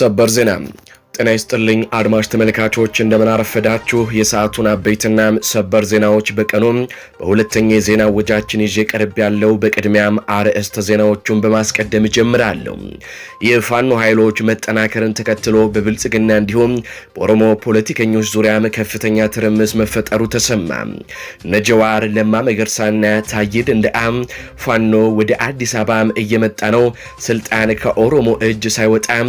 ሰበር ዜና ጤና ይስጥልኝ አድማጭ ተመልካቾች፣ እንደምናረፈዳችሁ የሰዓቱን አበይትና ሰበር ዜናዎች በቀኑም በሁለተኛ የዜና ወጃችን ይዤ ቀርብ ያለው። በቅድሚያም አርዕስተ ዜናዎቹን በማስቀደም እጀምራለሁ። የፋኖ ኃይሎች መጠናከርን ተከትሎ በብልጽግና እንዲሁም በኦሮሞ ፖለቲከኞች ዙሪያም ከፍተኛ ትርምስ መፈጠሩ ተሰማ። ነጀዋር ለማ መገርሳና ታይድ እንደ አም ፋኖ ወደ አዲስ አበባም እየመጣ ነው፣ ስልጣን ከኦሮሞ እጅ ሳይወጣም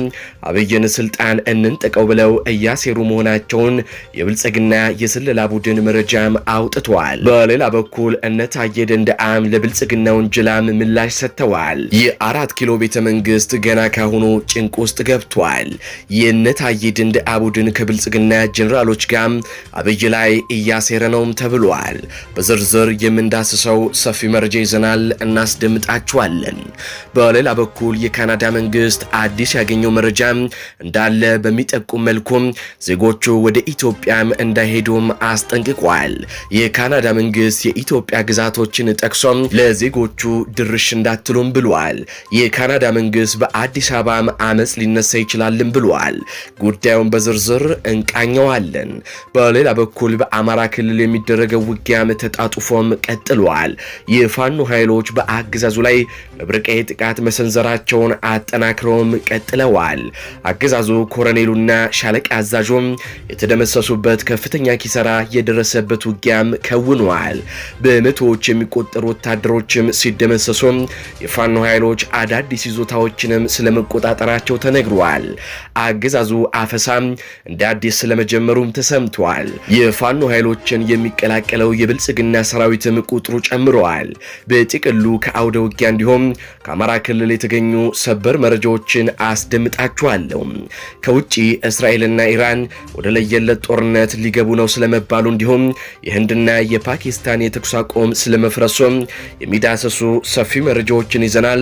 አብይን ስልጣን እንን ፈንጥቀው ብለው እያሴሩ መሆናቸውን የብልጽግና የስለላ ቡድን መረጃም አውጥቷል። በሌላ በኩል እነ ታየ ደንደአም ለብልጽግና ውንጀላም ምላሽ ሰጥተዋል። የአራት ኪሎ ቤተ መንግስት ገና ካሁኑ ጭንቅ ውስጥ ገብቷል። የእነ ታየ ደንደአ ቡድን ከብልጽግና ጀኔራሎች ጋር አብይ ላይ እያሴረ ነውም ተብሏል። በዝርዝር የምንዳስሰው ሰፊ መረጃ ይዘናል፣ እናስደምጣችኋለን። በሌላ በኩል የካናዳ መንግስት አዲስ ያገኘው መረጃ እንዳለ በሚ በሚጠቁም መልኩ ዜጎቹ ወደ ኢትዮጵያም እንዳይሄዱም አስጠንቅቋል። የካናዳ መንግስት የኢትዮጵያ ግዛቶችን ጠቅሶም ለዜጎቹ ድርሽ እንዳትሉም ብሏል። የካናዳ መንግስት በአዲስ አበባም አመፅ ሊነሳ ይችላልም ብሏል። ጉዳዩን በዝርዝር እንቃኘዋለን። በሌላ በኩል በአማራ ክልል የሚደረገው ውጊያም ተጣጥፎም ቀጥሏል። የፋኖ ኃይሎች በአገዛዙ ላይ መብረቃዊ ጥቃት መሰንዘራቸውን አጠናክረውም ቀጥለዋል። አገዛዙ ኮረኔሉና ሻለቃ አዛዡም የተደመሰሱበት ከፍተኛ ኪሰራ የደረሰበት ውጊያም ከውኗል። በመቶዎች የሚቆጠሩ ወታደሮችም ሲደመሰሱም የፋኖ ኃይሎች አዳዲስ ይዞታዎችንም ስለመቆጣጠራቸው ተነግሯል። አገዛዙ አፈሳም እንደ አዲስ ስለመጀመሩም ተሰምቷል። የፋኖ ኃይሎችን የሚቀላቀለው የብልጽግና ሰራዊትም ቁጥሩ ጨምረዋል። በጥቅሉ ከአውደ ውጊያ እንዲሁም ከአማራ ክልል የተገኙ ሰበር መረጃዎችን አስደምጣችኋለሁ። ከውጭ እስራኤልና ኢራን ወደ ለየለት ጦርነት ሊገቡ ነው ስለመባሉ እንዲሁም የህንድና የፓኪስታን የተኩስ አቁም ስለመፍረሱም የሚዳሰሱ ሰፊ መረጃዎችን ይዘናል፣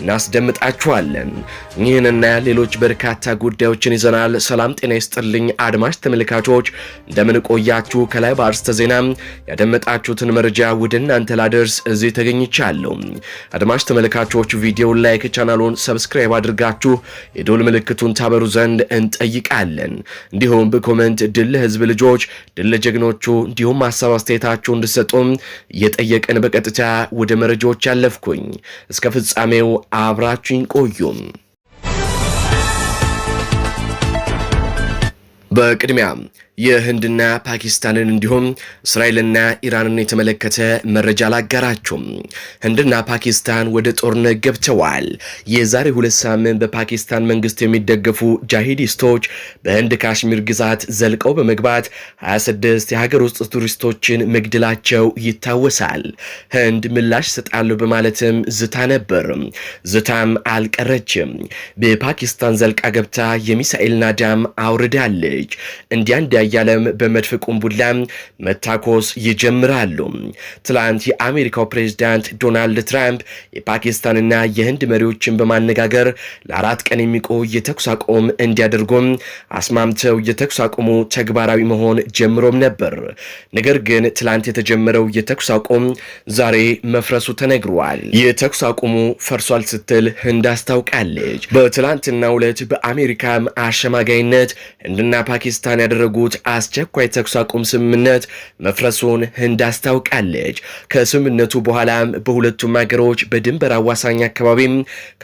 እናስደምጣችኋለን። ይህንና ሌሎች በርካታ ጉዳዮችን ይዘናል። ሰላም ጤና ይስጥልኝ አድማጭ ተመልካቾች፣ እንደምን ቆያችሁ? ከላይ በአርስተ ዜና ያደመጣችሁትን መረጃ ወደ እናንተ ላደርስ እዚህ ተገኝቻለሁ። አድማጭ ተመልካቾች ቪዲዮ ላይክ፣ ቻናሉን ሰብስክራይብ አድርጋችሁ የዶል ምልክቱን ታበሩ ዘንድ እንጠይቃለን። እንዲሁም በኮመንት ድል ህዝብ ልጆች፣ ድል ጀግኖቹ፣ እንዲሁም ሀሳብ አስተያየታችሁ እንድሰጡም እየጠየቅን በቀጥታ ወደ መረጃዎች ያለፍኩኝ እስከ ፍጻሜው አብራችኝ ቆዩም። በቅድሚያ የህንድና ፓኪስታንን እንዲሁም እስራኤልና ኢራንን የተመለከተ መረጃ አላጋራችሁም። ህንድና ፓኪስታን ወደ ጦርነት ገብተዋል። የዛሬ ሁለት ሳምንት በፓኪስታን መንግስት የሚደገፉ ጃሂዲስቶች በህንድ ካሽሚር ግዛት ዘልቀው በመግባት 26 የሀገር ውስጥ ቱሪስቶችን መግደላቸው ይታወሳል። ህንድ ምላሽ ሰጣለሁ በማለትም ዝታ ነበር። ዝታም አልቀረችም። በፓኪስታን ዘልቃ ገብታ የሚሳኤል ናዳም አውርዳለች። እንዲያ እንዲያ እያለም በመድፍ ቁንቡላ መታኮስ ይጀምራሉ። ትላንት የአሜሪካው ፕሬዝዳንት ዶናልድ ትራምፕ የፓኪስታንና የህንድ መሪዎችን በማነጋገር ለአራት ቀን የሚቆይ የተኩስ አቁም እንዲያደርጉም አስማምተው የተኩስ አቁሙ ተግባራዊ መሆን ጀምሮም ነበር። ነገር ግን ትላንት የተጀመረው የተኩስ አቁም ዛሬ መፍረሱ ተነግሯል። የተኩስ አቁሙ ፈርሷል ስትል ህንድ አስታውቃለች። በትላንትና ዕለት በአሜሪካም አሸማጋይነት ህንድና ፓኪስታን ያደረጉት አስቸኳይ ተኩስ አቁም ስምምነት መፍረሱን ህንድ አስታውቃለች። ከስምምነቱ በኋላም በሁለቱም ሀገሮች በድንበር አዋሳኝ አካባቢም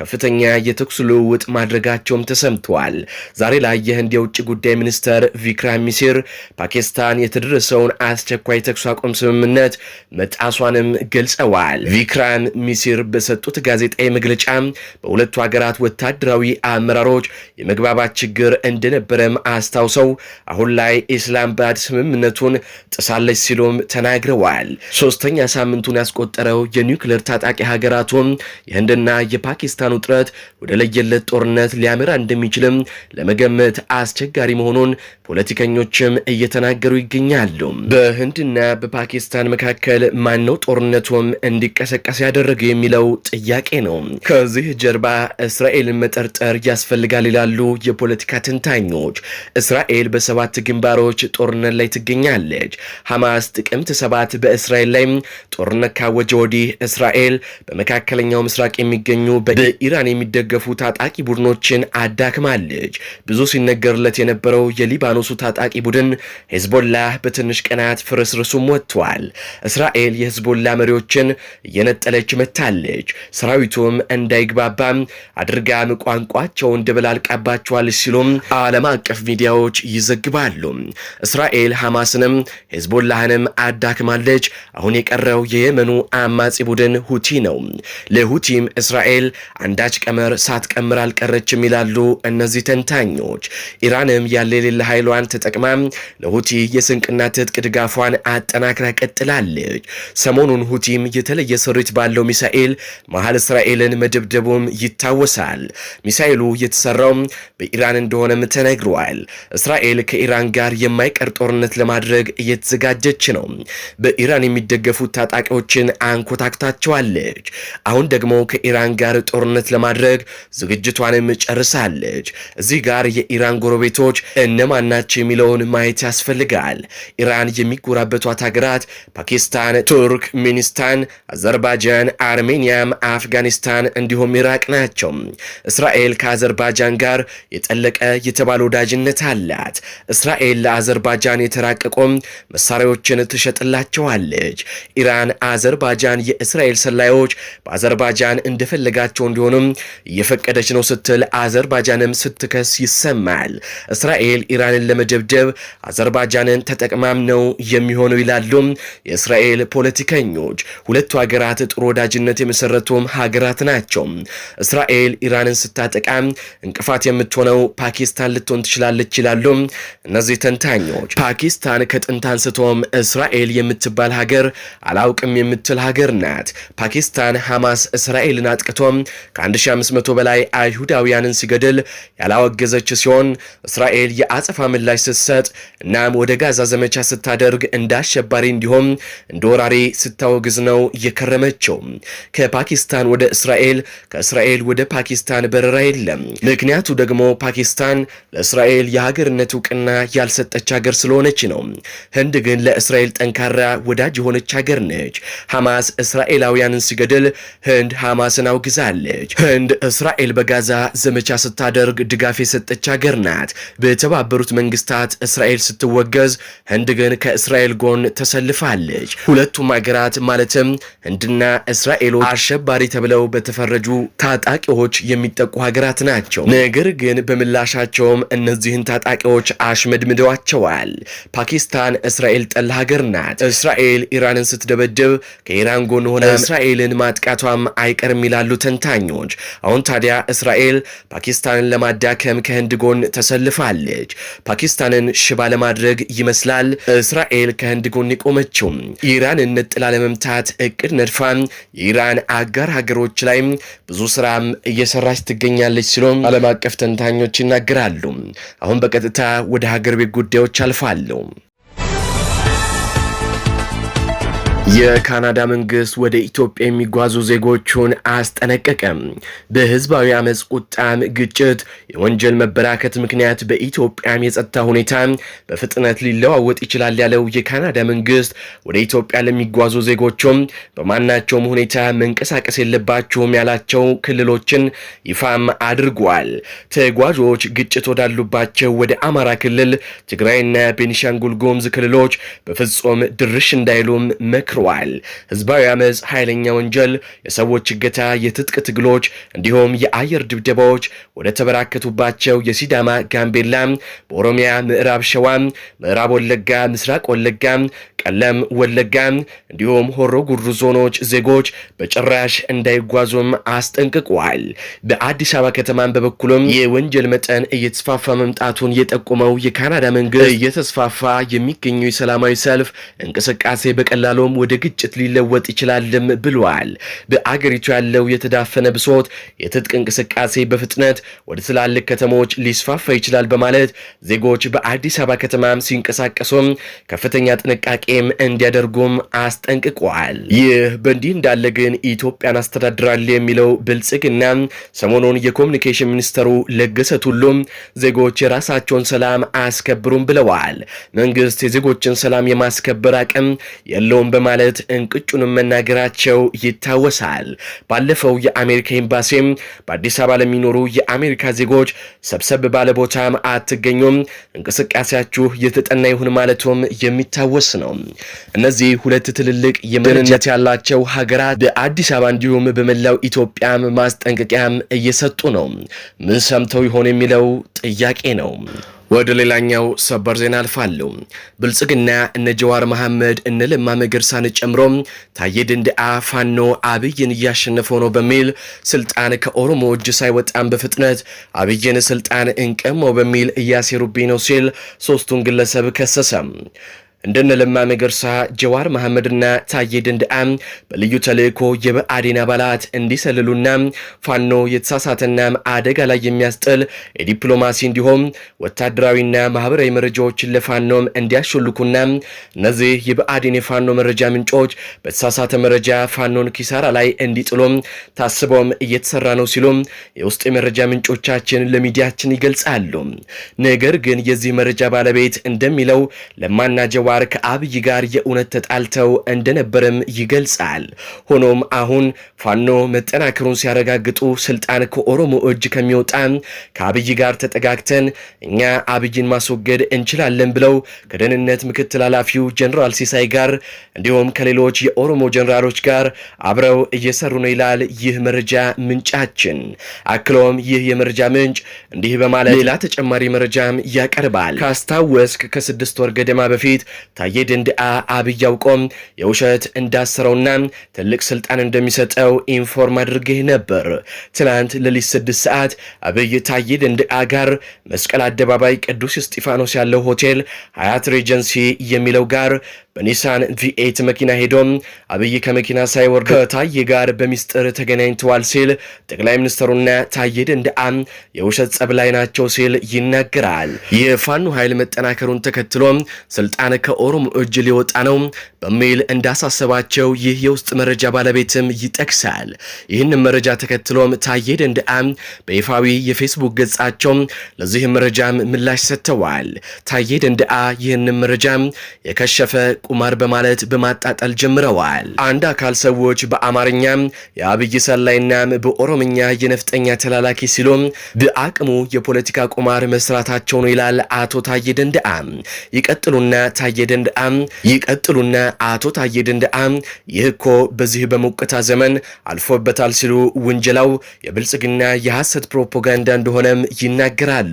ከፍተኛ የተኩስ ልውውጥ ማድረጋቸውም ተሰምተዋል። ዛሬ ላይ የህንድ የውጭ ጉዳይ ሚኒስተር ቪክራም ሚሲር ፓኪስታን የተደረሰውን አስቸኳይ ተኩስ አቁም ስምምነት መጣሷንም ገልጸዋል። ቪክራም ሚሲር በሰጡት ጋዜጣዊ መግለጫ በሁለቱ ሀገራት ወታደራዊ አመራሮች የመግባባት ችግር እንደነበረም አስታውሰው አሁን ላይ የኢስላም ባድ ስምምነቱን ጥሳለች ሲሉም ተናግረዋል። ሶስተኛ ሳምንቱን ያስቆጠረው የኒውክሌር ታጣቂ ሀገራቱም የህንድና የፓኪስታን ውጥረት ወደ ለየለት ጦርነት ሊያመራ እንደሚችልም ለመገመት አስቸጋሪ መሆኑን ፖለቲከኞችም እየተናገሩ ይገኛሉ። በህንድና በፓኪስታን መካከል ማነው ጦርነቱም እንዲቀሰቀስ ያደረገው የሚለው ጥያቄ ነው። ከዚህ ጀርባ እስራኤልን መጠርጠር ያስፈልጋል ይላሉ የፖለቲካ ትንታኞች እስራኤል በሰባት ግንባር ግንባሮች ጦርነት ላይ ትገኛለች። ሐማስ ጥቅምት ሰባት በእስራኤል ላይ ጦርነት ካወጀ ወዲህ እስራኤል በመካከለኛው ምስራቅ የሚገኙ በኢራን የሚደገፉ ታጣቂ ቡድኖችን አዳክማለች። ብዙ ሲነገርለት የነበረው የሊባኖሱ ታጣቂ ቡድን ሄዝቦላ በትንሽ ቀናት ፍርስርሱም ወጥቷል። እስራኤል የሄዝቦላ መሪዎችን እየነጠለች መታለች። ሰራዊቱም እንዳይግባባ አድርጋም ቋንቋቸውን ደበላልቃባቸዋል ሲሉም ዓለም አቀፍ ሚዲያዎች ይዘግባሉ። እስራኤል ሐማስንም ሄዝቦላህንም አዳክማለች። አሁን የቀረው የየመኑ አማጺ ቡድን ሁቲ ነው። ለሁቲም እስራኤል አንዳች ቀመር ሳትቀምር አልቀረችም ይላሉ እነዚህ ተንታኞች። ኢራንም ያለ የሌለ ኃይሏን ተጠቅማ ለሁቲ የስንቅና ትጥቅ ድጋፏን አጠናክራ ቀጥላለች። ሰሞኑን ሁቲም የተለየ ስሪት ባለው ሚሳኤል መሀል እስራኤልን መደብደቡም ይታወሳል። ሚሳኤሉ የተሰራው በኢራን እንደሆነም ተነግሯል። እስራኤል ከኢራን ጋር ጋር የማይቀር ጦርነት ለማድረግ እየተዘጋጀች ነው። በኢራን የሚደገፉት ታጣቂዎችን አንኮታክታቸዋለች። አሁን ደግሞ ከኢራን ጋር ጦርነት ለማድረግ ዝግጅቷንም ጨርሳለች። እዚህ ጋር የኢራን ጎረቤቶች እነማን ናቸው የሚለውን ማየት ያስፈልጋል። ኢራን የሚጎራበቷት ሀገራት ፓኪስታን፣ ቱርክ ሚኒስታን፣ አዘርባጃን፣ አርሜኒያም፣ አፍጋኒስታን እንዲሁም ኢራቅ ናቸው። እስራኤል ከአዘርባጃን ጋር የጠለቀ የተባለ ወዳጅነት አላት። እስራኤል እስራኤል ለአዘርባጃን የተራቀቁ መሳሪያዎችን ትሸጥላቸዋለች። ኢራን አዘርባጃን የእስራኤል ሰላዮች በአዘርባጃን እንደፈለጋቸው እንዲሆኑም እየፈቀደች ነው ስትል አዘርባጃንም ስትከስ ይሰማል። እስራኤል ኢራንን ለመደብደብ አዘርባጃንን ተጠቅማም ነው የሚሆነው ይላሉ የእስራኤል ፖለቲከኞች። ሁለቱ ሀገራት ጥሩ ወዳጅነት የመሰረቱም ሀገራት ናቸው። እስራኤል ኢራንን ስታጠቃም እንቅፋት የምትሆነው ፓኪስታን ልትሆን ትችላለች ይላሉ እነዚህ ተንታኞች ፓኪስታን ከጥንት አንስቶም እስራኤል የምትባል ሀገር አላውቅም የምትል ሀገር ናት። ፓኪስታን ሐማስ እስራኤልን አጥቅቶም ከ1500 በላይ አይሁዳውያንን ሲገድል ያላወገዘች ሲሆን እስራኤል የአጸፋ ምላሽ ስትሰጥ እናም ወደ ጋዛ ዘመቻ ስታደርግ እንደ አሸባሪ እንዲሁም እንደ ወራሪ ስታወግዝ ነው የከረመችው። ከፓኪስታን ወደ እስራኤል፣ ከእስራኤል ወደ ፓኪስታን በረራ የለም። ምክንያቱ ደግሞ ፓኪስታን ለእስራኤል የሀገርነት እውቅና ያል ያልሰጠች ሀገር ስለሆነች ነው። ህንድ ግን ለእስራኤል ጠንካራ ወዳጅ የሆነች ሀገር ነች። ሐማስ እስራኤላውያንን ሲገድል ህንድ ሐማስን አውግዛለች። ህንድ እስራኤል በጋዛ ዘመቻ ስታደርግ ድጋፍ የሰጠች ሀገር ናት። በተባበሩት መንግስታት እስራኤል ስትወገዝ፣ ህንድ ግን ከእስራኤል ጎን ተሰልፋለች። ሁለቱም ሀገራት ማለትም ህንድና እስራኤሎች አሸባሪ ተብለው በተፈረጁ ታጣቂዎች የሚጠቁ ሀገራት ናቸው። ነገር ግን በምላሻቸውም እነዚህን ታጣቂዎች አሽመድምደ ወስደዋቸዋል። ፓኪስታን እስራኤል ጠላ ሀገር ናት። እስራኤል ኢራንን ስትደበድብ ከኢራን ጎን ሆነ እስራኤልን ማጥቃቷም አይቀርም ይላሉ ተንታኞች። አሁን ታዲያ እስራኤል ፓኪስታንን ለማዳከም ከህንድ ጎን ተሰልፋለች። ፓኪስታንን ሽባ ለማድረግ ይመስላል እስራኤል ከህንድ ጎን የቆመችው። ኢራንን ነጥላ ለመምታት እቅድ ነድፋ የኢራን አጋር ሀገሮች ላይ ብዙ ስራም እየሰራች ትገኛለች ሲሎም ዓለም አቀፍ ተንታኞች ይናገራሉ። አሁን በቀጥታ ወደ ሀገር ቤት ጉዳዮች አልፋለሁ። የካናዳ መንግስት ወደ ኢትዮጵያ የሚጓዙ ዜጎቹን አስጠነቀቀም። በህዝባዊ አመፅ፣ ቁጣም፣ ግጭት፣ የወንጀል መበራከት ምክንያት በኢትዮጵያም የጸጥታ ሁኔታ በፍጥነት ሊለዋወጥ ይችላል ያለው የካናዳ መንግስት ወደ ኢትዮጵያ ለሚጓዙ ዜጎቹም በማናቸውም ሁኔታ መንቀሳቀስ የለባቸውም ያላቸው ክልሎችን ይፋም አድርጓል። ተጓዦች ግጭት ወዳሉባቸው ወደ አማራ ክልል፣ ትግራይና ቤኒሻንጉል ጉሙዝ ክልሎች በፍጹም ድርሽ እንዳይሉም መክ መክረዋል። ህዝባዊ አመፅ፣ ኃይለኛ ወንጀል፣ የሰዎች እገታ፣ የትጥቅ ትግሎች እንዲሁም የአየር ድብደባዎች ወደ ተበራከቱባቸው የሲዳማ፣ ጋምቤላ፣ በኦሮሚያ፣ ምዕራብ ሸዋ፣ ምዕራብ ወለጋ፣ ምስራቅ ወለጋ፣ ቀለም ወለጋ እንዲሁም ሆሮ ጉሩ ዞኖች ዜጎች በጭራሽ እንዳይጓዙም አስጠንቅቋል። በአዲስ አበባ ከተማን በበኩሉም የወንጀል መጠን እየተስፋፋ መምጣቱን የጠቆመው የካናዳ መንግስት እየተስፋፋ የሚገኘው የሰላማዊ ሰልፍ እንቅስቃሴ በቀላሉም ወደ ግጭት ሊለወጥ ይችላልም ብለዋል። በአገሪቱ ያለው የተዳፈነ ብሶት የትጥቅ እንቅስቃሴ በፍጥነት ወደ ትላልቅ ከተሞች ሊስፋፋ ይችላል በማለት ዜጎች በአዲስ አበባ ከተማም ሲንቀሳቀሱም ከፍተኛ ጥንቃቄም እንዲያደርጉም አስጠንቅቋል። ይህ በእንዲህ እንዳለ ግን ኢትዮጵያን አስተዳድራል የሚለው ብልጽግና ሰሞኑን የኮሚኒኬሽን ሚኒስተሩ ለገሰ ቱሉም ዜጎች የራሳቸውን ሰላም አያስከብሩም ብለዋል። መንግስት የዜጎችን ሰላም የማስከበር አቅም የለውም በማ በማለት እንቅጩንም መናገራቸው ይታወሳል። ባለፈው የአሜሪካ ኤምባሲም በአዲስ አበባ ለሚኖሩ የአሜሪካ ዜጎች ሰብሰብ ባለ ቦታም አትገኙም፣ እንቅስቃሴያችሁ የተጠና ይሁን ማለቱም የሚታወስ ነው። እነዚህ ሁለት ትልልቅ የምንነት ያላቸው ሀገራት በአዲስ አበባ እንዲሁም በመላው ኢትዮጵያም ማስጠንቀቂያም እየሰጡ ነው። ምን ሰምተው ይሆን የሚለው ጥያቄ ነው። ወደ ሌላኛው ሰበር ዜና አልፋለሁ። ብልጽግና እነ ጀዋር መሐመድ እነ ለማ መገርሳን ጨምሮ ታዬ እንደ ፋኖ አብይን እያሸነፈው ነው በሚል ስልጣን ከኦሮሞ እጅ ሳይወጣም በፍጥነት አብይን ስልጣን እንቀመው በሚል እያሴሩብኝ ነው ሲል ሶስቱን ግለሰብ ከሰሰም። እንደነ ለማ መገርሳ፣ ጀዋር መሐመድና ታዬ ድንድአ በልዩ ተልእኮ የብአዴን አባላት እንዲሰልሉና ፋኖ የተሳሳተና አደጋ ላይ የሚያስጥል የዲፕሎማሲ እንዲሁም ወታደራዊና ማህበራዊ መረጃዎችን ለፋኖም እንዲያሾልኩና እነዚህ የብአዴን የፋኖ መረጃ ምንጮች በተሳሳተ መረጃ ፋኖን ኪሳራ ላይ እንዲጥሎም ታስበውም እየተሰራ ነው ሲሉም የውስጥ የመረጃ ምንጮቻችን ለሚዲያችን ይገልጻሉ። ነገር ግን የዚህ መረጃ ባለቤት እንደሚለው ለማና ጀዋር ተግባር ከአብይ ጋር የእውነት ተጣልተው እንደነበረም ይገልጻል። ሆኖም አሁን ፋኖ መጠናከሩን ሲያረጋግጡ ስልጣን ከኦሮሞ እጅ ከሚወጣ ከአብይ ጋር ተጠጋግተን እኛ አብይን ማስወገድ እንችላለን ብለው ከደህንነት ምክትል ኃላፊው ጀኔራል ሲሳይ ጋር እንዲሁም ከሌሎች የኦሮሞ ጀኔራሎች ጋር አብረው እየሰሩ ነው ይላል ይህ መረጃ ምንጫችን። አክሎም ይህ የመረጃ ምንጭ እንዲህ በማለት ሌላ ተጨማሪ መረጃም ያቀርባል። ካስታወስክ ከስድስት ወር ገደማ በፊት ታዬ ደንደአ አብይ የውሸት እንዳሰረውና ትልቅ ስልጣን እንደሚሰጠው ኢንፎርም አድርጌ ነበር። ትናንት ሌሊት ስድስት ሰዓት አብይ ታዬ ደንደአ ጋር መስቀል አደባባይ ቅዱስ እስጢፋኖስ ያለው ሆቴል ሀያት ሬጀንሲ የሚለው ጋር በኒሳን ቪኤት መኪና ሄዶም አብይ ከመኪና ሳይወርድ ከታዬ ጋር በሚስጥር ተገናኝተዋል ሲል ጠቅላይ ሚኒስትሩና ታዬ ደንደአም የውሸት ጸብ ላይ ናቸው ሲል ይናገራል። የፋኖ ኃይል መጠናከሩን ተከትሎ ስልጣን ከኦሮሞ እጅ ሊወጣ ነው በሚል እንዳሳሰባቸው ይህ የውስጥ መረጃ ባለቤትም ይጠቅሳል። ይህንን መረጃ ተከትሎም ታዬ ደንደአም በይፋዊ የፌስቡክ ገጻቸው ለዚህ መረጃም ምላሽ ሰጥተዋል። ታዬ ደንደአ ይህን መረጃ የከሸፈ ቁማር በማለት በማጣጠል ጀምረዋል። አንድ አካል ሰዎች በአማርኛም የአብይ ሰላይናም በኦሮምኛ የነፍጠኛ ተላላኪ ሲሉ በአቅሙ የፖለቲካ ቁማር መስራታቸው ነው ይላል አቶ ታዬ ደንደአ። ይቀጥሉና ታዬ ይቀጥሉና አቶ ታዬ ደንደአ ይህ እኮ በዚህ በሞቅታ ዘመን አልፎበታል ሲሉ ውንጀላው የብልጽግና የሐሰት ፕሮፓጋንዳ እንደሆነም ይናገራሉ።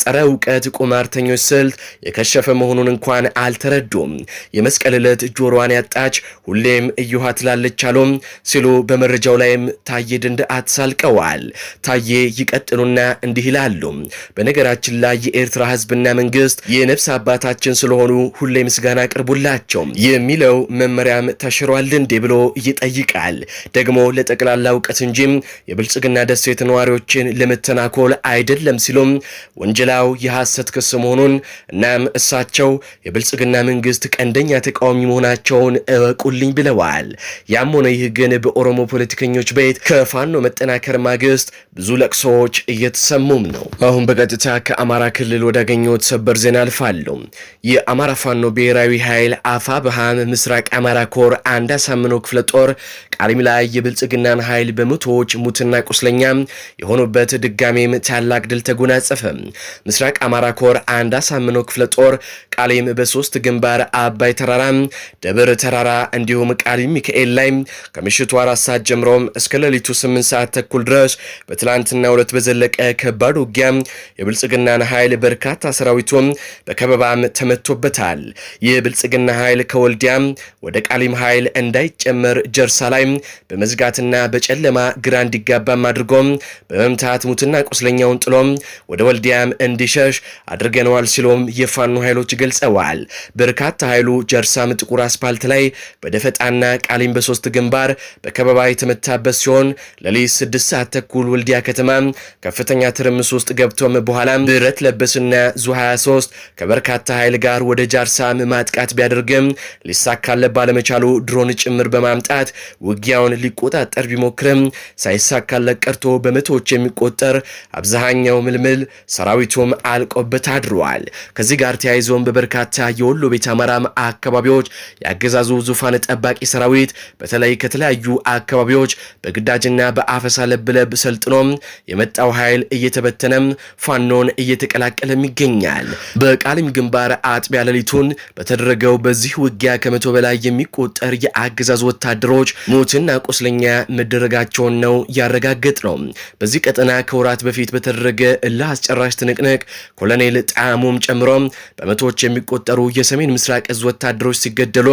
ጸረ እውቀት ቁማርተኞች ስልት የከሸፈ መሆኑን እንኳን አልተረዱም። የመስቀል ዕለት ጆሮዋን ያጣች ሁሌም እዩሃ ትላለች አሉም ሲሉ በመረጃው ላይም ታዬ ደንደዓ ተሳልቀዋል። ታዬ ይቀጥሉና እንዲህ ይላሉ። በነገራችን ላይ የኤርትራ ህዝብና መንግስት የነፍስ አባታችን ስለሆኑ ሁሌ ምስጋና አቅርቡላቸው የሚለው መመሪያም ተሽሯል እንዴ ብሎ ይጠይቃል። ደግሞ ለጠቅላላ እውቀት እንጂም የብልጽግና ደሴት ነዋሪዎችን ለመተናኮል አይደለም ሲሉም ወንጀላው የሐሰት ክስ መሆኑን እናም እሳቸው የብልጽግና መንግስት ቀንደ ኃይለኛ ተቃዋሚ መሆናቸውን እወቁልኝ ብለዋል። ያም ሆነ ይህ ግን በኦሮሞ ፖለቲከኞች ቤት ከፋኖ መጠናከር ማግስት ብዙ ለቅሶዎች እየተሰሙም ነው። አሁን በቀጥታ ከአማራ ክልል ወዳገኘሁት ሰበር ዜና አልፋለሁ። የአማራ ፋኖ ብሔራዊ ኃይል አፋ በሃም ምስራቅ አማራ ኮር አንድ አሳምነው ክፍለ ጦር ቃሊም ላይ የብልጽግናን ኃይል በመቶዎች ሙትና ቁስለኛ የሆኑበት ድጋሜም ታላቅ ድል ተጎናጸፈ። ምስራቅ አማራ ኮር አንድ አሳምነው ክፍለ ጦር ቃሊም በሶስት ግንባር አባይ በላይ ተራራ፣ ደብር ተራራ እንዲሁም ቃሊ ሚካኤል ላይ ከምሽቱ አራት ሰዓት ጀምሮ እስከ ሌሊቱ ስምንት ሰዓት ተኩል ድረስ በትላንትና ሁለት በዘለቀ ከባድ ውጊያ የብልጽግናን ኃይል በርካታ ሰራዊቱም በከበባም ተመቶበታል። ይህ ብልጽግና ኃይል ከወልዲያ ወደ ቃሊም ኃይል እንዳይጨመር ጀርሳ ላይ በመዝጋትና በጨለማ ግራ እንዲጋባም አድርጎ በመምታት ሙትና ቁስለኛውን ጥሎ ወደ ወልዲያም እንዲሸሽ አድርገነዋል ሲሎም የፋኑ ኃይሎች ገልጸዋል። በርካታ ኃይሉ ጀርሳም ጥቁር አስፓልት ላይ በደፈጣና ቃሊም በሶስት ግንባር በከበባ የተመታበት ሲሆን ለሊት ስድስት ሰዓት ተኩል ወልዲያ ከተማ ከፍተኛ ትርምስ ውስጥ ገብቶም በኋላም ብረት ለበስና ዙ 23 ከበርካታ ኃይል ጋር ወደ ጃርሳም ማጥቃት ቢያደርግም ሊሳካለ ባለመቻሉ ድሮን ጭምር በማምጣት ውጊያውን ሊቆጣጠር ቢሞክርም ሳይሳካለት ቀርቶ በመቶዎች የሚቆጠር አብዛኛው ምልምል ሰራዊቱም አልቆበት አድረዋል። ከዚህ ጋር ተያይዞም በበርካታ የወሎ ቤት አማራም አካባቢዎች የአገዛዙ ዙፋን ጠባቂ ሰራዊት በተለይ ከተለያዩ አካባቢዎች በግዳጅና በአፈሳ ለብለብ ሰልጥኖ የመጣው ኃይል እየተበተነም ፋኖን እየተቀላቀለም ይገኛል። በቃሊም ግንባር አጥቢያ ሌሊቱን በተደረገው በዚህ ውጊያ ከመቶ በላይ የሚቆጠር የአገዛዝ ወታደሮች ሞትና ቁስለኛ መደረጋቸውን ነው ያረጋገጥ ነው። በዚህ ቀጠና ከወራት በፊት በተደረገ እልህ አስጨራሽ ትንቅንቅ ኮሎኔል ጣሙም ጨምሮ በመቶዎች የሚቆጠሩ የሰሜን ምስራቅ እዝ ወታደሮች ሲገደሉ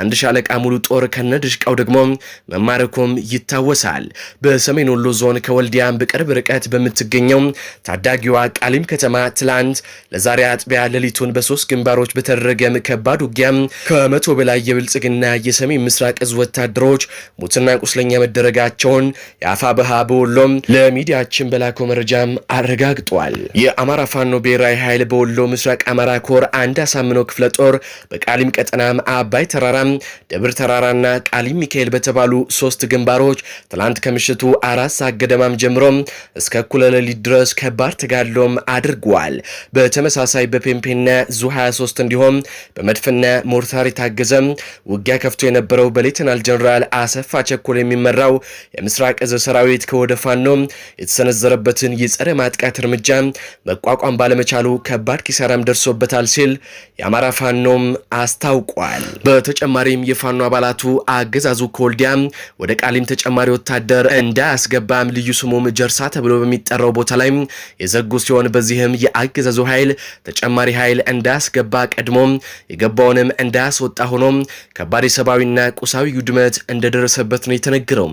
አንድ ሻለቃ ሙሉ ጦር ከነድሽቃው ደግሞ መማረኩም ይታወሳል። በሰሜን ወሎ ዞን ከወልዲያም በቅርብ ርቀት በምትገኘው ታዳጊዋ ቃሊም ከተማ ትላንት ለዛሬ አጥቢያ ሌሊቱን በሶስት ግንባሮች በተደረገም ከባድ ውጊያ ከመቶ በላይ የብልጽግና የሰሜን ምስራቅ እዝ ወታደሮች ሙትና ቁስለኛ መደረጋቸውን የአፋ በሃ በወሎም ለሚዲያችን በላኮ መረጃም አረጋግጧል። የአማራ ፋኖ ብሔራዊ ኃይል በወሎ ምስራቅ አማራ ኮር አንድ አሳምነው ክፍለ ጦር በቃ ቃሊም ቀጠናም፣ አባይ ተራራም፣ ደብር ተራራና ቃሊም ሚካኤል በተባሉ ሶስት ግንባሮች ትላንት ከምሽቱ አራት ሰዓት ገደማም ጀምሮ እስከ እኩለ ሌሊት ድረስ ከባድ ተጋድሎም አድርጓል። በተመሳሳይ በፔምፔና ዙ 23 እንዲሁም በመድፍና ሞርታር የታገዘ ውጊያ ከፍቶ የነበረው በሌተናል ጀኔራል አሰፋ ቸኮል የሚመራው የምስራቅ እዝ ሰራዊት ከወደ ፋኖ የተሰነዘረበትን የጸረ ማጥቃት እርምጃ መቋቋም ባለመቻሉ ከባድ ኪሳራም ደርሶበታል ሲል የአማራ ፋኖም አስታውቋል። በተጨማሪም የፋኖ አባላቱ አገዛዙ ከወልዲያም ወደ ቃሊም ተጨማሪ ወታደር እንዳያስገባም ልዩ ስሙም ጀርሳ ተብሎ በሚጠራው ቦታ ላይ የዘጉ ሲሆን በዚህም የአገዛዙ ኃይል ተጨማሪ ኃይል እንዳያስገባ ቀድሞም የገባውንም እንዳያስወጣ ሆኖም ከባድ የሰብአዊና ቁሳዊ ውድመት እንደደረሰበት ነው የተነገረው።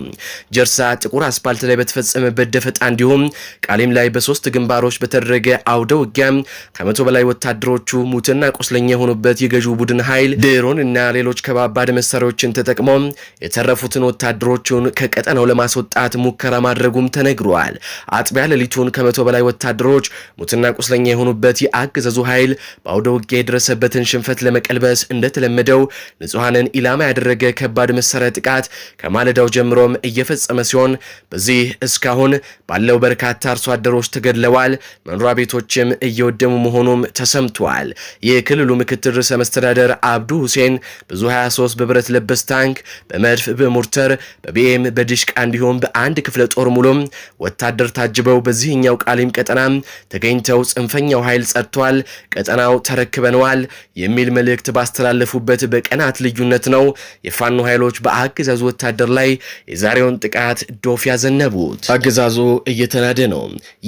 ጀርሳ ጥቁር አስፓልት ላይ በተፈጸመበት ደፈጣ እንዲሁም ቃሊም ላይ በሶስት ግንባሮች በተደረገ አውደ ውጊያ ከመቶ በላይ ወታደሮቹ ሙትና ቁስለኛ የሆኑበት የገዢው ቡድን ኃይል ድሮን እና ሌሎች ከባባድ መሳሪያዎችን ተጠቅሞ የተረፉትን ወታደሮቹን ከቀጠናው ለማስወጣት ሙከራ ማድረጉም ተነግሯል። አጥቢያ ሌሊቱን ከመቶ በላይ ወታደሮች ሙትና ቁስለኛ የሆኑበት የአገዛዙ ኃይል በአውደ ውጊያ የደረሰበትን ሽንፈት ለመቀልበስ እንደተለመደው ንጹሐንን ኢላማ ያደረገ ከባድ መሳሪያ ጥቃት ከማለዳው ጀምሮም እየፈጸመ ሲሆን በዚህ እስካሁን ባለው በርካታ አርሶ አደሮች ተገድለዋል፣ መኖሪያ ቤቶችም እየወደሙ መሆኑም ተሰምቷል። የክልሉ ምክትል ርዕሰ መስተዳደር አብዱ ሁሴን ብዙ 23 በብረት ለበስ ታንክ በመድፍ በሞርተር በቢኤም በድሽቃ እንዲሁም በአንድ ክፍለ ጦር ሙሉ ወታደር ታጅበው በዚህኛው ቃሊም ቀጠና ተገኝተው ጽንፈኛው ኃይል ጸድቷል፣ ቀጠናው ተረክበነዋል የሚል መልእክት ባስተላለፉበት በቀናት ልዩነት ነው የፋኖ ኃይሎች በአገዛዙ ወታደር ላይ የዛሬውን ጥቃት ዶፍ ያዘነቡት። አገዛዙ እየተናደ ነው።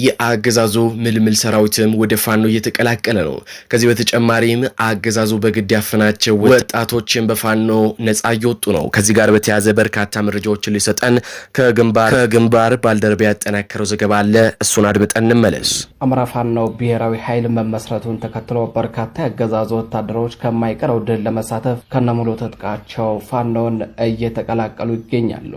የአገዛዙ ምልምል ሰራዊትም ወደ ፋኖ እየተቀላቀለ ነው። ከዚህ በተጨማሪም አገዛዙ በግድ ያፈ ያፈናቸው ወጣቶችን በፋኖ ነጻ እየወጡ ነው። ከዚህ ጋር በተያያዘ በርካታ መረጃዎችን ሊሰጠን ከግንባር ከግንባር ባልደረባ ያጠናከረው ዘገባ አለ። እሱን አድምጠን እንመለስ። አማራ ፋኖ ብሔራዊ ኃይል መመስረቱን ተከትሎ በርካታ ያገዛዙ ወታደሮች ከማይቀረው ድል ለመሳተፍ ከነሙሉ ትጥቃቸው ፋኖን እየተቀላቀሉ ይገኛሉ።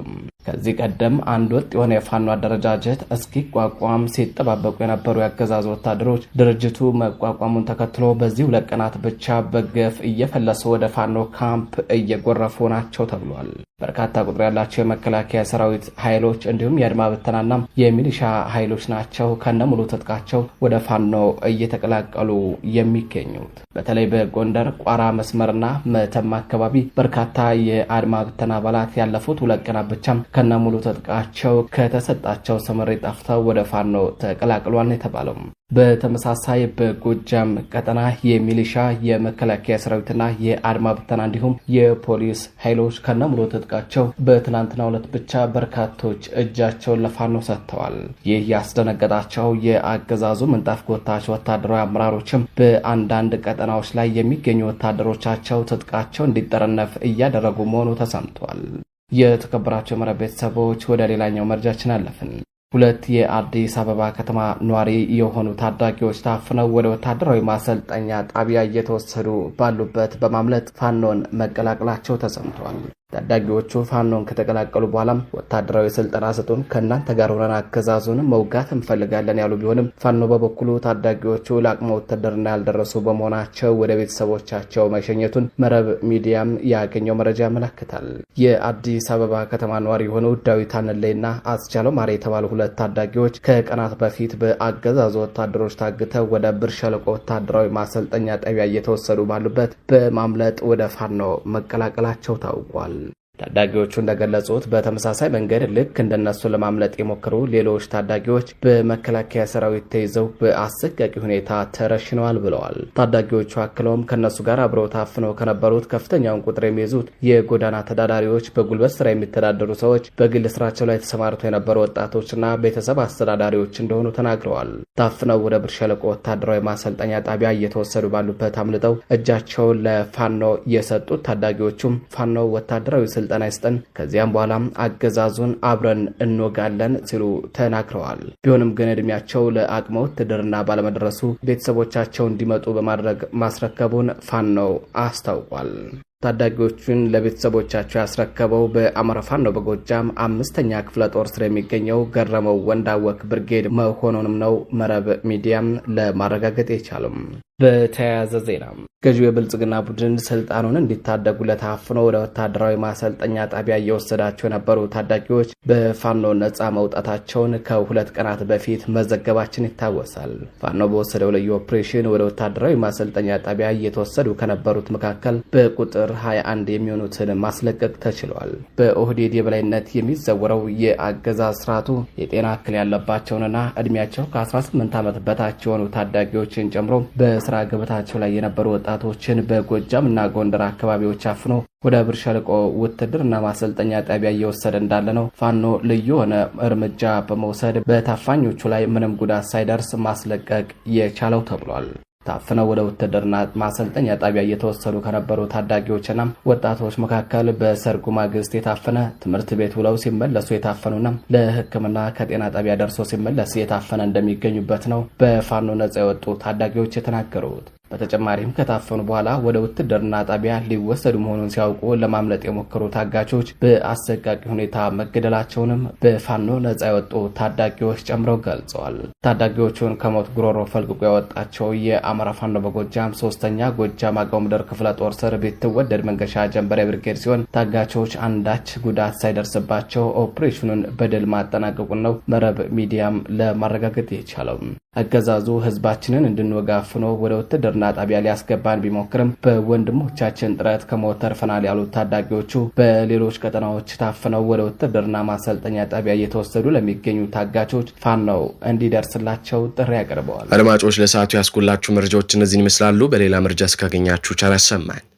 ከዚህ ቀደም አንድ ወጥ የሆነ የፋኖ አደረጃጀት እስኪቋቋም ሲጠባበቁ የነበሩ የአገዛዝ ወታደሮች ድርጅቱ መቋቋሙን ተከትሎ በዚህ ሁለት ቀናት ብቻ በገፍ እየፈለሱ ወደ ፋኖ ካምፕ እየጎረፉ ናቸው ተብሏል። በርካታ ቁጥር ያላቸው የመከላከያ ሰራዊት ኃይሎች እንዲሁም የአድማ ብተናና የሚሊሻ ኃይሎች ናቸው ሙሉ ትጥቃቸው ወደ ፋኖ እየተቀላቀሉ የሚገኙት። በተለይ በጎንደር ቋራ መስመርና መተማ አካባቢ በርካታ የአድማ ብተና አባላት ያለፉት ሁለት ቀናት ብቻም ከነሙሉ ትጥቃቸው ከተሰጣቸው ስምሪት ጠፍተው ወደ ፋኖ ተቀላቅሏል የተባለው። በተመሳሳይ በጎጃም ቀጠና የሚሊሻ የመከላከያ ሰራዊትና የአድማ ብተና እንዲሁም የፖሊስ ኃይሎች ከነሙሉ ትጥቃቸው በትናንትና ሁለት ብቻ በርካቶች እጃቸውን ለፋኖ ሰጥተዋል። ይህ ያስደነገጣቸው የአገዛዙ ምንጣፍ ጎታች ወታደራዊ አመራሮችም በአንዳንድ ቀጠናዎች ላይ የሚገኙ ወታደሮቻቸው ትጥቃቸው እንዲጠረነፍ እያደረጉ መሆኑ ተሰምቷል። የተከበራቸው መረብ ቤተሰቦች ወደ ሌላኛው መረጃችን አለፍን። ሁለት የአዲስ አበባ ከተማ ነዋሪ የሆኑ ታዳጊዎች ታፍነው ወደ ወታደራዊ ማሰልጠኛ ጣቢያ እየተወሰዱ ባሉበት በማምለጥ ፋኖን መቀላቀላቸው ተሰምቷል። ታዳጊዎቹ ፋኖን ከተቀላቀሉ በኋላም ወታደራዊ ስልጠና ሰጡን፣ ከእናንተ ጋር ሆነን አገዛዙንም መውጋት እንፈልጋለን ያሉ ቢሆንም ፋኖ በበኩሉ ታዳጊዎቹ ለአቅመ ውትድርና ያልደረሱ በመሆናቸው ወደ ቤተሰቦቻቸው መሸኘቱን መረብ ሚዲያም ያገኘው መረጃ ያመለክታል። የአዲስ አበባ ከተማ ነዋሪ የሆነው ዳዊት አንሌና አስቻለው ማሬ የተባሉ ሁለት ታዳጊዎች ከቀናት በፊት በአገዛዙ ወታደሮች ታግተው ወደ ብር ሸለቆ ወታደራዊ ማሰልጠኛ ጠቢያ እየተወሰዱ ባሉበት በማምለጥ ወደ ፋኖ መቀላቀላቸው ታውቋል። ታዳጊዎቹ እንደገለጹት በተመሳሳይ መንገድ ልክ እንደነሱ ለማምለጥ የሞከሩ ሌሎች ታዳጊዎች በመከላከያ ሰራዊት ተይዘው በአሰቃቂ ሁኔታ ተረሽነዋል ብለዋል። ታዳጊዎቹ አክለውም ከነሱ ጋር አብረው ታፍነው ከነበሩት ከፍተኛውን ቁጥር የሚይዙት የጎዳና ተዳዳሪዎች፣ በጉልበት ስራ የሚተዳደሩ ሰዎች፣ በግል ስራቸው ላይ ተሰማርተው የነበሩ ወጣቶችና ቤተሰብ አስተዳዳሪዎች እንደሆኑ ተናግረዋል። ታፍነው ወደ ብር ሸለቆ ወታደራዊ ማሰልጠኛ ጣቢያ እየተወሰዱ ባሉበት አምልጠው እጃቸውን ለፋኖ የሰጡት ታዳጊዎቹም ፋኖ ወታደራዊ ስልጠ ስልጠና ይስጠን፣ ከዚያም በኋላ አገዛዙን አብረን እንወጋለን ሲሉ ተናግረዋል። ቢሆንም ግን እድሜያቸው ለአቅመ ውትድርና ባለመድረሱ ቤተሰቦቻቸው እንዲመጡ በማድረግ ማስረከቡን ፋኖ አስታውቋል። ታዳጊዎቹን ለቤተሰቦቻቸው ያስረከበው በአማራ ፋኖ ነው በጎጃም አምስተኛ ክፍለ ጦር ስር የሚገኘው ገረመው ወንዳወክ ብርጌድ መሆኑንም ነው መረብ ሚዲያም ለማረጋገጥ የቻሉም። በተያያዘ ዜና ገዢው የብልጽግና ቡድን ስልጣኑን እንዲታደጉ ለታፍኖ ወደ ወታደራዊ ማሰልጠኛ ጣቢያ እየወሰዳቸው የነበሩ ታዳጊዎች በፋኖ ነፃ መውጣታቸውን ከሁለት ቀናት በፊት መዘገባችን ይታወሳል። ፋኖ በወሰደው ልዩ ኦፕሬሽን ወደ ወታደራዊ ማሰልጠኛ ጣቢያ እየተወሰዱ ከነበሩት መካከል በቁጥር 21 የሚሆኑትን ማስለቀቅ ተችሏል። በኦህዴድ የበላይነት የሚዘወረው የአገዛዝ ስርዓቱ የጤና እክል ያለባቸውንና እድሜያቸው ከ18 ዓመት በታች የሆኑ ታዳጊዎችን ጨምሮ በ በስራ ገበታቸው ላይ የነበሩ ወጣቶችን በጎጃም እና ጎንደር አካባቢዎች አፍኖ ወደ ብር ሸለቆ ውትድርና ማሰልጠኛ ጣቢያ እየወሰደ እንዳለ ነው። ፋኖ ልዩ የሆነ እርምጃ በመውሰድ በታፋኞቹ ላይ ምንም ጉዳት ሳይደርስ ማስለቀቅ የቻለው ተብሏል። ታፍነው ወደ ውትድርና ማሰልጠኛ ጣቢያ እየተወሰዱ ከነበሩ ታዳጊዎችና ወጣቶች መካከል በሰርጉ ማግስት የታፈነ ትምህርት ቤት ውለው ሲመለሱ የታፈኑና ለሕክምና ከጤና ጣቢያ ደርሶ ሲመለስ የታፈነ እንደሚገኙበት ነው በፋኖ ነጻ የወጡ ታዳጊዎች የተናገሩት። በተጨማሪም ከታፈኑ በኋላ ወደ ውትድርና ጣቢያ ሊወሰዱ መሆኑን ሲያውቁ ለማምለጥ የሞከሩ ታጋቾች በአሰቃቂ ሁኔታ መገደላቸውንም በፋኖ ነጻ የወጡ ታዳጊዎች ጨምረው ገልጸዋል። ታዳጊዎቹን ከሞት ጉሮሮ ፈልቅቆ ያወጣቸው የአማራ ፋኖ በጎጃም ሶስተኛ ጎጃም አገው ምድር ክፍለ ጦር ስር ቢትወደድ መንገሻ ጀንበሬ ብርጌድ ሲሆን ታጋቾች አንዳች ጉዳት ሳይደርስባቸው ኦፕሬሽኑን በድል ማጠናቀቁን ነው መረብ ሚዲያም ለማረጋገጥ የቻለው። አገዛዙ ህዝባችንን እንድንወጋፍኖ ወደ ውትድርና ሕክምና ጣቢያ ሊያስገባን ቢሞክርም በወንድሞቻችን ጥረት ከሞት ተርፈናል ያሉት ታዳጊዎቹ በሌሎች ቀጠናዎች ታፍነው ወደ ውትድርና ማሰልጠኛ ጣቢያ እየተወሰዱ ለሚገኙ ታጋቾች ፋኖው እንዲደርስላቸው ጥሪ አቅርበዋል። አድማጮች ለሰዓቱ ያስኩላችሁ መረጃዎች እነዚህን ይመስላሉ። በሌላ መረጃ እስካገኛችሁ ቸር ያሰማን።